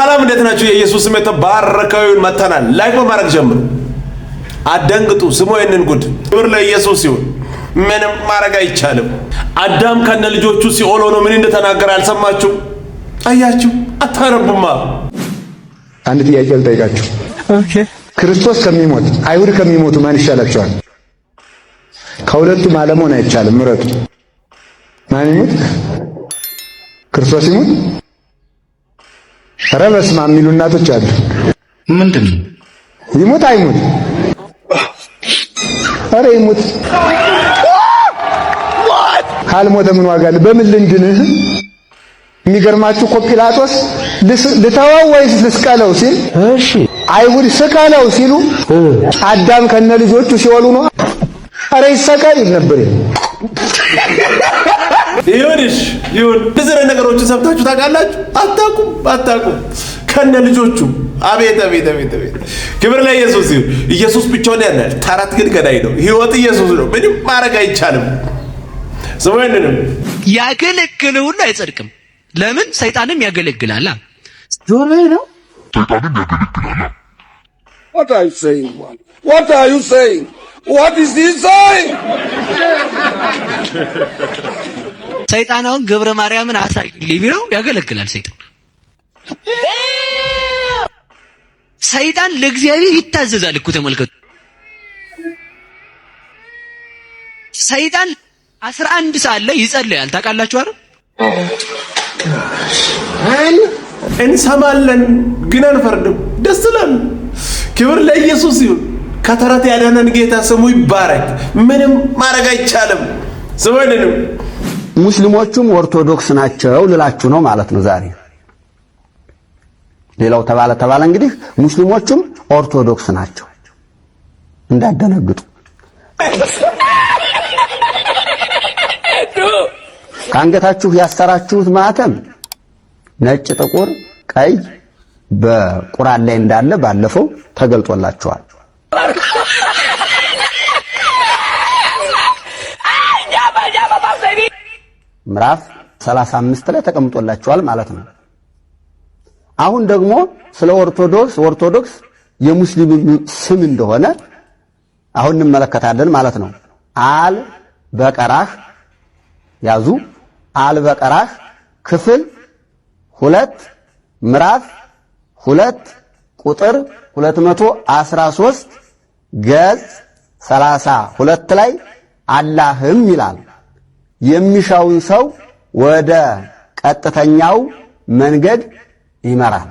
ሰላም እንዴት ናችሁ? የኢየሱስ ስም የተባረከውን መተናል። ላይክ በማድረግ ጀምሩ። አደንግጡ፣ ስሙ ይህንን ጉድ። ክብር ለኢየሱስ ይሁን። ምንም ማድረግ አይቻልም። አዳም ከነ ልጆቹ ሲኦል ሆኖ ምን እንደተናገረ አልሰማችሁ? አያችሁ? አታነቡማ። አንድ ጥያቄ ልጠይቃችሁ። ኦኬ፣ ክርስቶስ ከሚሞት አይሁድ ከሚሞቱ ማን ይሻላቸዋል? ከሁለቱም አለመሆን አይቻልም። ምረጡ። ማን ይሞት? ክርስቶስ ይሞት ኧረ በስመ አብ የሚሉ እናቶች አሉ። ምንድን ነው ይሙት አይሙት፣ ኧረ ይሙት ካልሞተ ምን ዋጋ አለ? በምን ልንድንህ? የሚገርማችሁ እኮ ጲላጦስ ልተወው ወይስ ልስቀለው ሲል፣ እሺ አይሁድ ስቀለው ሲሉ አዳም ከነ ልጆቹ ሲወሉ ነው። ኧረ ይሰቀል ይል ነበር። ይሁንሽ ይሁን። ብዙ ነገሮችን ሰምታችሁ ታውቃላችሁ። አታውቁም አታውቁም ከነ ልጆቹ አቤት አቤት አቤት አቤት! ክብር ለኢየሱስ ይሁን። ኢየሱስ ብቻውን ያናል። ተረት ግን ገዳይ ነው። ህይወት ኢየሱስ ነው። ምንም ማድረግ አይቻልም። ዘወንንም ያገለግል ሁሉ አይጸድቅም። ለምን? ሰይጣንም ያገለግላል። ዞሬ ነው። ሰይጣንም ያገለግላል። What are you saying? What are you saying? What is he saying? ሰይጣን አሁን ገብረ ማርያምን አሳይ ቢለው ያገለግላል። ሰይጣን ሰይጣን ለእግዚአብሔር ይታዘዛል እኮ ተመልከቱ። ሰይጣን አስራ አንድ ሰዓት ላይ ይጸልያል። ታውቃላችሁ አይደል? እንሰማለን ግን አንፈርድም። ደስ ይላል። ክብር ለኢየሱስ ይሁን። ከተረት ያዳነን ጌታ ስሙ ይባረክ። ምንም ማድረግ አይቻልም። ስሙ ሙስሊሞቹም ኦርቶዶክስ ናቸው ልላችሁ ነው ማለት ነው ዛሬ። ሌላው ተባለ ተባለ እንግዲህ ሙስሊሞቹም ኦርቶዶክስ ናቸው እንዳደነግጡ። ከአንገታችሁ ያሰራችሁት ማተም ነጭ፣ ጥቁር፣ ቀይ በቁርአን ላይ እንዳለ ባለፈው ተገልጦላችኋል። ምዕራፍ 35 ላይ ተቀምጦላቸዋል ማለት ነው። አሁን ደግሞ ስለ ኦርቶዶክስ ኦርቶዶክስ የሙስሊም ስም እንደሆነ አሁን እንመለከታለን ማለት ነው። አል በቀራህ ያዙ። አል በቀራህ ክፍል ሁለት ምዕራፍ ሁለት ቁጥር 213 ገጽ 32 ላይ አላህም ይላል። የሚሻውን ሰው ወደ ቀጥተኛው መንገድ ይመራል።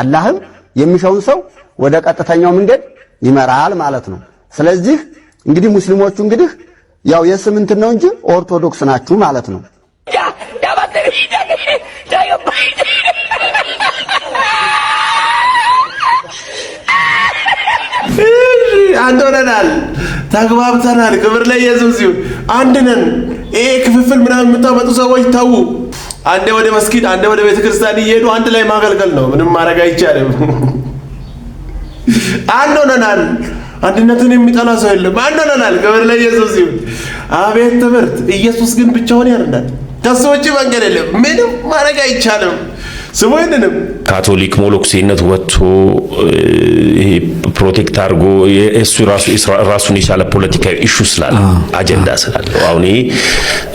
አላህም የሚሻውን ሰው ወደ ቀጥተኛው መንገድ ይመራል ማለት ነው። ስለዚህ እንግዲህ ሙስሊሞቹ እንግዲህ ያው የስምንት ነው እንጂ ኦርቶዶክስ ናችሁ ማለት ነው። አንድ ሆነናል፣ ተግባብተናል። ክብር ለኢየሱስ ይሁን። አንድ ነን። ይሄ ክፍፍል ምናምን የምታመጡ ሰዎች ተዉ። አንዴ ወደ መስጊድ፣ አንዴ ወደ ቤተክርስቲያን እየሄዱ አንድ ላይ ማገልገል ነው። ምንም ማድረግ አይቻልም። አንድ ሆነናል። አንድነትን የሚጠላ ሰው የለም። አንድ ሆነናል። ክብር ለኢየሱስ ይሁን። አቤት ትምህርት! ኢየሱስ ግን ብቻውን ያድናል። ከሱ ውጭ መንገድ የለም። ምንም ማድረግ አይቻልም። ስሙ ይንንም ካቶሊክ ሞሎክሴነት ወጥቶ ፕሮቴክት አድርጎ እሱ ራሱን የቻለ ፖለቲካዊ ኢሹ ስላለ አጀንዳ ስላለ አሁን ይሄ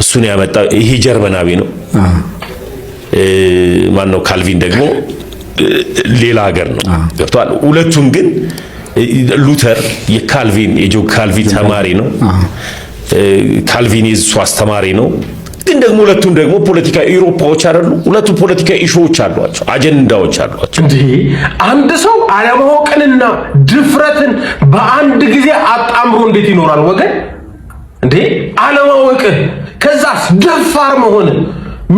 እሱን ያመጣ ይሄ ጀርመናዊ ነው። ማን ነው? ካልቪን ደግሞ ሌላ ሀገር ነው ገብቷል። ሁለቱም ግን ሉተር የካልቪን የጆ ካልቪን ተማሪ ነው። ካልቪን የእሱ አስተማሪ ነው። ግን ደግሞ ሁለቱም ደግሞ ፖለቲካ ኢሮፓዎች አይደሉ። ሁለቱ ፖለቲካ ኢሾዎች አሏቸው፣ አጀንዳዎች አሏቸው። እንዲህ አንድ ሰው አለማወቅንና ድፍረትን በአንድ ጊዜ አጣምሮ እንዴት ይኖራል ወገን? እንዴ አለማወቅ ከዛስ ደፋር መሆን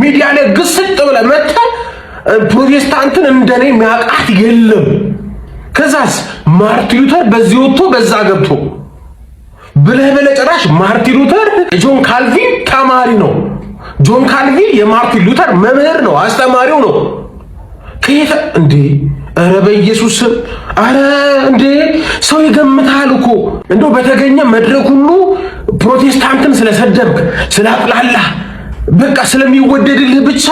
ሚዲያ ላይ ግስጥ ብለ መተን ፕሮቴስታንትን እንደኔ የሚያውቃት የለም። ከዛስ ማርቲን ሉተር በዚህ ወጥቶ በዛ ገብቶ ብለህ በለ ጭራሽ ማርቲን ሉተር ጆን ካልቪን ተማሪ ነው ጆን ካልቪን የማርቲን ሉተር መምህር ነው፣ አስተማሪው ነው። ከየት እንዴ? ኧረ በኢየሱስ ስም ኧረ እንዴ! ሰው ይገምታል እኮ እንደው በተገኘ መድረክ ሁሉ ፕሮቴስታንትን ስለሰደብክ ስላቅላላህ በቃ ስለሚወደድልህ ብቻ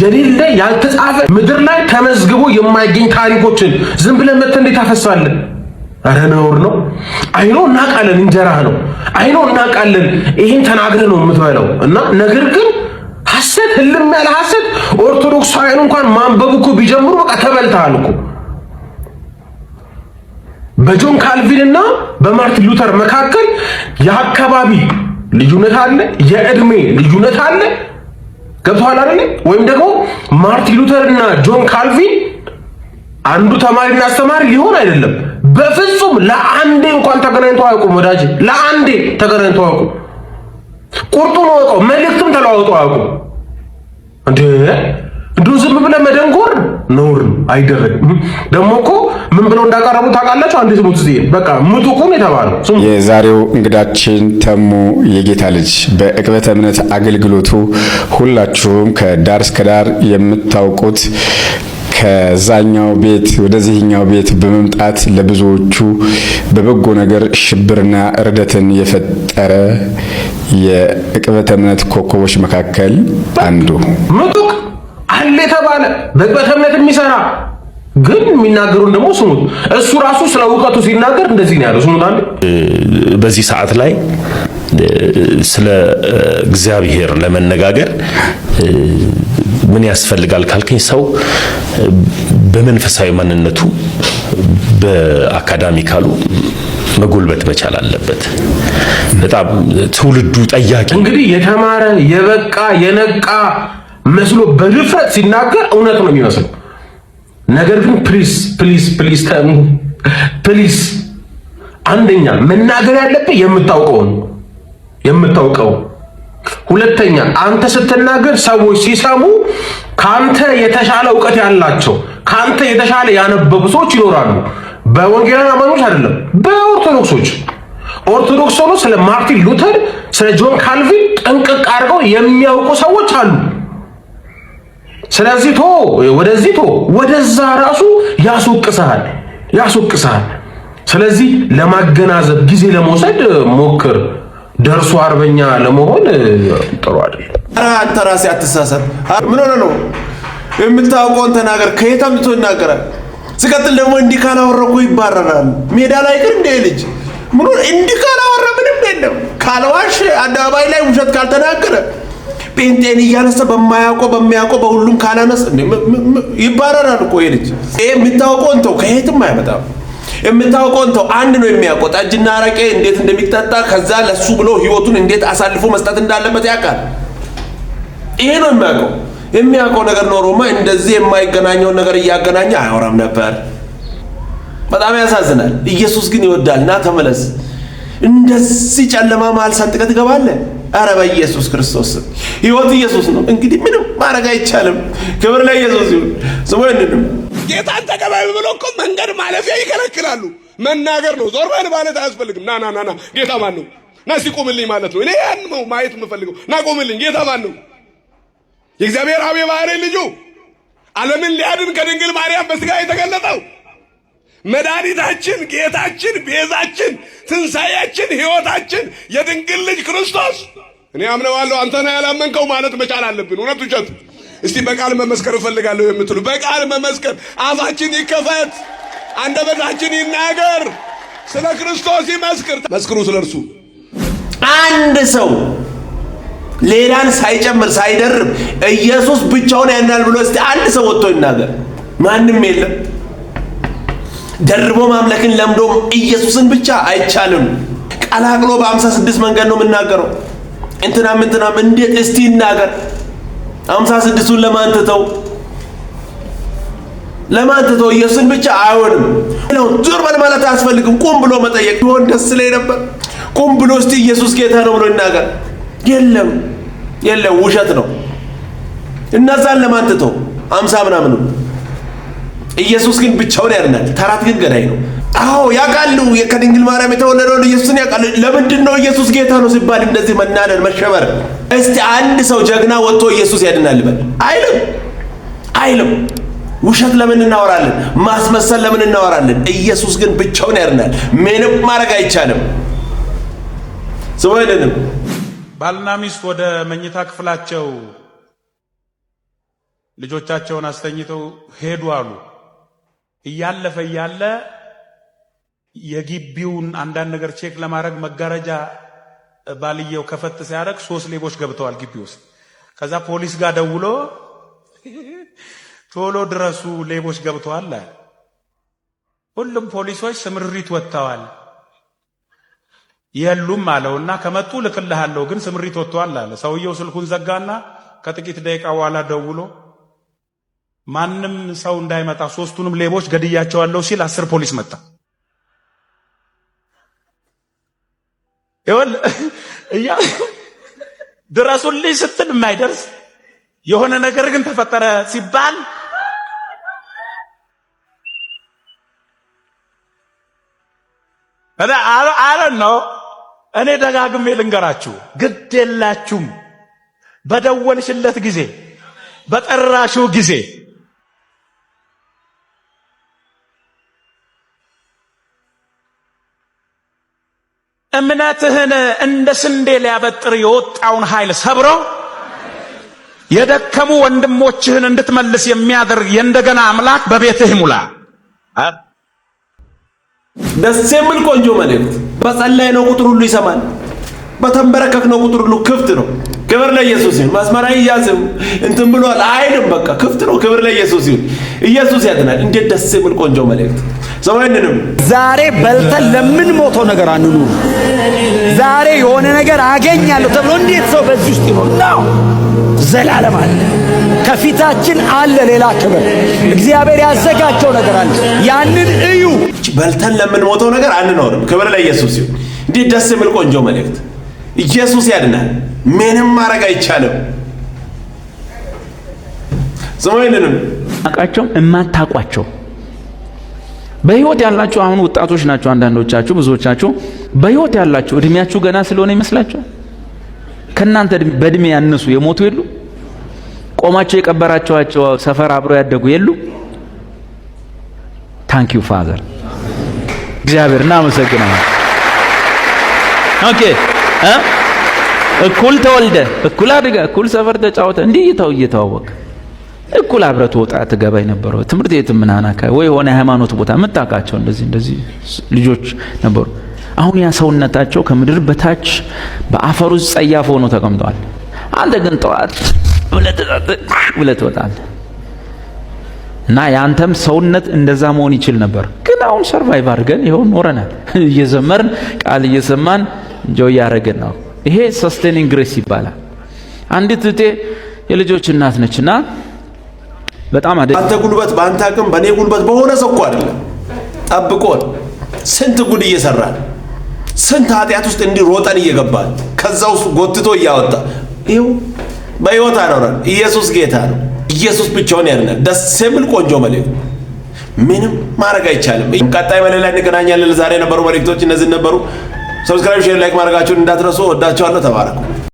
ጀሊል ላይ ያልተጻፈ ምድር ላይ ተመዝግቦ የማይገኝ ታሪኮችን ዝም ብለህ መተህ እንዴት ታፈሳለህ? አረ ነውር ነው። አይኖ እናውቃለን፣ እንጀራህ ነው። አይኖ እናውቃለን፣ ይህን ተናግረህ ነው የምትበላው እና ነገር ግን ሐሰት ህልም ያለ ሐሰት ኦርቶዶክሳውያን እንኳን ማንበብ እኮ ቢጀምሩ በቃ ተበልተሃል እኮ። በጆን ካልቪን እና በማርቲን ሉተር መካከል የአካባቢ ልዩነት አለ፣ የእድሜ ልዩነት አለ። ገብቶሃል አይደል? ወይም ደግሞ ማርቲን ሉተር እና ጆን ካልቪን አንዱ ተማሪና አስተማሪ ሊሆን አይደለም በፍጹም ለአንዴ እንኳን ተገናኝቶ አያውቁም። ወዳጅ ለአንዴ ተገናኝቶ አያውቁም። ቁርጡን ወቀው መልእክትም ተለዋውጦ አያውቁም። እንዴ እንዲሁ ዝም ብለህ መደንጎር ነውር አይደረግም። ደግሞ እኮ ምን ብለው እንዳቀረቡ ታውቃላችሁ? አንዴ ስሙት ዜ በቃ ምጡቁን የተባለው የዛሬው እንግዳችን ተሙ የጌታ ልጅ በእቅበተ እምነት አገልግሎቱ ሁላችሁም ከዳር እስከ ዳር የምታውቁት ከዛኛው ቤት ወደዚህኛው ቤት በመምጣት ለብዙዎቹ በበጎ ነገር ሽብርና እርደትን የፈጠረ የእቅበተ እምነት ኮከቦች መካከል አንዱ ምጡቅ አለ የተባለ በእቅበተ እምነት የሚሰራ ግን የሚናገሩን ደግሞ ስሙት። እሱ ራሱ ስለ እውቀቱ ሲናገር እንደዚህ ነው ያለው። ስሙት አንድ በዚህ ሰዓት ላይ ስለ እግዚአብሔር ለመነጋገር ምን ያስፈልጋል ካልከኝ ሰው በመንፈሳዊ ማንነቱ በአካዳሚካሉ መጎልበት መቻል አለበት። በጣም ትውልዱ ጠያቂ እንግዲህ የተማረ የበቃ የነቃ መስሎ በድፍረት ሲናገር እውነት ነው የሚመስለው። ነገር ግን ፕሊስ ፕሊስ ፕሊስ ፕሊስ አንደኛ መናገር ያለብህ የምታውቀውን የምታውቀው ሁለተኛ አንተ ስትናገር ሰዎች ሲሰሙ ካንተ የተሻለ እውቀት ያላቸው ካንተ የተሻለ ያነበቡ ሰዎች ይኖራሉ። በወንጌላውያን አማኞች አይደለም፣ በኦርቶዶክሶች። ኦርቶዶክስ ሆኖ ስለ ማርቲን ሉተር ስለ ጆን ካልቪን ጥንቅቅ አድርገው የሚያውቁ ሰዎች አሉ። ስለዚህ ቶ ወደዚህ ቶ ወደዛ ራሱ ያስወቅሰሃል ያስወቅሰሃል። ስለዚህ ለማገናዘብ ጊዜ ለመውሰድ ሞክር። ደርሶ አርበኛ ለመሆን ጥሩ አይደለም። አንተ ራሴ አትሳሳት። ምን ሆነ ነው የምታውቀውን ተናገር። ከየት አምጥቶ ይናገራል? ስቀጥል ደግሞ እንዲህ ካላወራ እኮ ይባረራል። ሜዳ ላይ ግን እንደ ልጅ ምን እንዲህ ካላወራ ምንም የለም። ካልዋሽ፣ አደባባይ ላይ ውሸት ካልተናገረ፣ ጴንጤን እያነሳ በማያውቀው በሚያውቀው በሁሉም ካላነስ ይባረራል እኮ ይሄ ልጅ። ይሄ የምታውቀውን ተው፣ ከየትም አይመጣም። የምታውቀውን ተው። አንድ ነው የሚያውቀው ጠጅና አረቄ እንዴት እንደሚጠጣ ከዛ ለሱ ብሎ ህይወቱን እንዴት አሳልፎ መስጠት እንዳለበት ያውቃል። ይሄ ነው የሚያውቀው። የሚያውቀው ነገር ኖሮማ እንደዚህ የማይገናኘውን ነገር እያገናኘ አያወራም ነበር። በጣም ያሳዝናል። ኢየሱስ ግን ይወዳል። ና ተመለስ። እንደዚህ ጨለማ መሀል ሰንጥቀህ ትገባለህ? ኧረ በኢየሱስ ክርስቶስ ህይወት ኢየሱስ ነው። እንግዲህ ምንም ማድረግ አይቻልም። ክብር ለኢየሱስ ይሁን። ስሙ ጌታን ተቀበል ብሎ እኮ መንገድ ማለፊያ ይከለክላሉ። መናገር ነው ዞር በል ማለት አያስፈልግም። ና ና ና ና ጌታ ማን ነው? ና እስኪ ቁምልኝ ማለት ነው። እኔ ያን ነው ማየት የምፈልገው። ና ቁምልኝ። ጌታ ማን ነው? የእግዚአብሔር አብ የባሕርይ ልጁ ዓለምን ሊያድን ከድንግል ማርያም በስጋ የተገለጠው መድኃኒታችን፣ ጌታችን፣ ቤዛችን፣ ትንሣኤያችን፣ ሕይወታችን የድንግል ልጅ ክርስቶስ እኔ አምነዋለሁ አንተ ነህ ያላመንከው ማለት መቻል አለብን። እውነት ውሸት እስቲ በቃል መመስከር እፈልጋለሁ የምትሉ በቃል መመስከር፣ አፋችን ይከፈት፣ አንደበታችን ይናገር፣ ስለ ክርስቶስ ይመስክር። መስክሩ ስለ እርሱ። አንድ ሰው ሌላን ሳይጨምር ሳይደርብ ኢየሱስ ብቻውን ያናል ብሎ እስቲ አንድ ሰው ወጥቶ ይናገር። ማንም የለም። ደርቦ ማምለክን ለምዶ ኢየሱስን ብቻ አይቻልም። ቀላቅሎ በአምሳ ስድስት መንገድ ነው የምናገረው። እንትናም እንትናም እንዴት እስቲ ይናገር። አምሳ ስድስቱን ለማን ትተው ለማን ትተው ኢየሱስን ብቻ አይሆንም። ዞር በል ማለት አያስፈልግም። ቁም ብሎ መጠየቅ ሆን ደስ ላይ ነበር። ቁም ብሎ እስቲ ኢየሱስ ጌታ ነው ብሎ ይናገር። የለም የለም፣ ውሸት ነው። እነዛን ለማን ትተው አምሳ ምናምኑ ኢየሱስ ግን ብቻውን ያድናል። ተራት ግን ገዳይ ነው። አዎ ያውቃሉ። ከድንግል ማርያም የተወለደውን ኢየሱስን ያውቃሉ። ለምንድን ነው ኢየሱስ ጌታ ነው ሲባል እንደዚህ መናደድ መሸበር እስቲ አንድ ሰው ጀግና ወጥቶ ኢየሱስ ያድናል በል አይልም፣ አይልም። ውሸት ለምን እናወራለን? ማስመሰል ለምን እናወራለን? ኢየሱስ ግን ብቻውን ያድናል። ምንም ማድረግ አይቻልም። ስወይንንም ባልና ሚስት ወደ መኝታ ክፍላቸው ልጆቻቸውን አስተኝተው ሄዱ አሉ። እያለፈ እያለ የግቢውን አንዳንድ ነገር ቼክ ለማድረግ መጋረጃ ባልየው ከፈት ሲያደርግ ሶስት ሌቦች ገብተዋል ግቢ ውስጥ። ከዛ ፖሊስ ጋር ደውሎ ቶሎ ድረሱ ሌቦች ገብተዋል። ሁሉም ፖሊሶች ስምሪት ወጥተዋል የሉም አለውና ከመጡ ልክልሃለሁ ግን ስምሪት ወጥተዋል አለ። ሰውየው ስልኩን ዘጋና ከጥቂት ደቂቃ በኋላ ደውሎ ማንም ሰው እንዳይመጣ ሶስቱንም ሌቦች ገድያቸዋለሁ ሲል አስር ፖሊስ መጣ። ድረሱልኝ ስትል የማይደርስ የሆነ ነገር ግን ተፈጠረ ሲባል አለ ነው። እኔ ደጋግሜ ልንገራችሁ፣ ግድ የላችሁም። በደወልሽለት ጊዜ፣ በጠራሽው ጊዜ እምነትህን እንደ ስንዴ ሊያበጥር የወጣውን ኃይል ሰብሮ የደከሙ ወንድሞችህን እንድትመልስ የሚያደርግ የእንደገና አምላክ በቤትህ ሙላ። ደስ የሚል ቆንጆ መልእክት። በጸላይ ነው ቁጥር ሁሉ ይሰማል። በተንበረከክ ነው ቁጥር ሁሉ ክፍት ነው። ክብር ለኢየሱስ ይሁን። መስመራዊ እያዝም እንትን ብሏል አይልም። በቃ ክፍት ነው። ክብር ለኢየሱስ ይሁን። ኢየሱስ ያድናል። እንዴት ደስ የሚል ቆንጆ መልእክት! ሰው። ሰማይንንም ዛሬ በልተን ለምን ሞተው ነገር አንኑር። ዛሬ የሆነ ነገር አገኛለሁ ተብሎ እንዴት ሰው በዚህ ውስጥ ይኖር ነው? ዘላለም አለ፣ ከፊታችን አለ። ሌላ ክብር እግዚአብሔር ያዘጋጀው ነገር አለ። ያንን እዩ። በልተን ለምንሞተው ነገር አንኖርም። ክብር ለኢየሱስ ይሁን። እንዲህ ደስ የሚል ቆንጆ መልእክት። ኢየሱስ ያድናል። ምንም ማድረግ አይቻልም። ዝም ይልንም አቋቸው እማታቋቸው በህይወት ያላችሁ አሁን ወጣቶች ናችሁ። አንዳንዶቻችሁ ብዙዎቻችሁ በህይወት ያላችሁ እድሜያችሁ ገና ስለሆነ ይመስላችኋል። ከእናንተ በእድሜ ያነሱ የሞቱ የሉ? ቆማቸው የቀበራቸዋቸው ሰፈር አብረው ያደጉ የሉ? ታንኪዩ ፋዘር እግዚአብሔር እናመሰግናለን። ኦኬ እኩል ተወልደ፣ እኩል አድጋ፣ እኩል ሰፈር ተጫወተ፣ እንዲህ እየታወቀ እኩል አብረት ወጣ ትገባ የነበረው ትምህርት ቤት ምናምን አካባቢ ወይ የሆነ የሃይማኖት ቦታ የምታውቃቸው እንደዚህ እንደዚህ ልጆች ነበሩ። አሁን ያ ሰውነታቸው ከምድር በታች በአፈር ውስጥ ጸያፍ ሆኖ ተቀምጠዋል። አንተ ግን ጠዋት ብለህ ትወጣለህ እና የአንተም ሰውነት እንደዛ መሆን ይችል ነበር። ግን አሁን ሰርቫይቭ አድርገን ይኸው ኖረናል። እየዘመርን ቃል እየሰማን እንጆ እያደረግን ነው። ይሄ ሰስቴኒንግ ግሬስ ይባላል። አንዲት እህቴ የልጆች እናት ነችና በጣም አደ አንተ ጉልበት በአንተ አቅም በእኔ ጉልበት በሆነ ሰው እኮ አይደለም ጠብቆን ስንት ጉድ እየሰራን ስንት ኃጢአት ውስጥ እንዲህ ሮጠን እየገባን ከዛ ውስጥ ጎትቶ እያወጣ ይኸው በሕይወት አኖረን። ኢየሱስ ጌታ ነው። ኢየሱስ ብቻውን ያድናል። ደስ የሚል ቆንጆ መልእክት። ምንም ማድረግ አይቻልም። ቀጣይ ላይ እንገናኛለን። ለዛሬ የነበሩ መልእክቶች እነዚህ ነበሩ። ሰብስክራይብ፣ ሼር፣ ላይክ ማድረጋችሁን እንዳትረሱ። ወዳቸዋለሁ። ተባረኩ።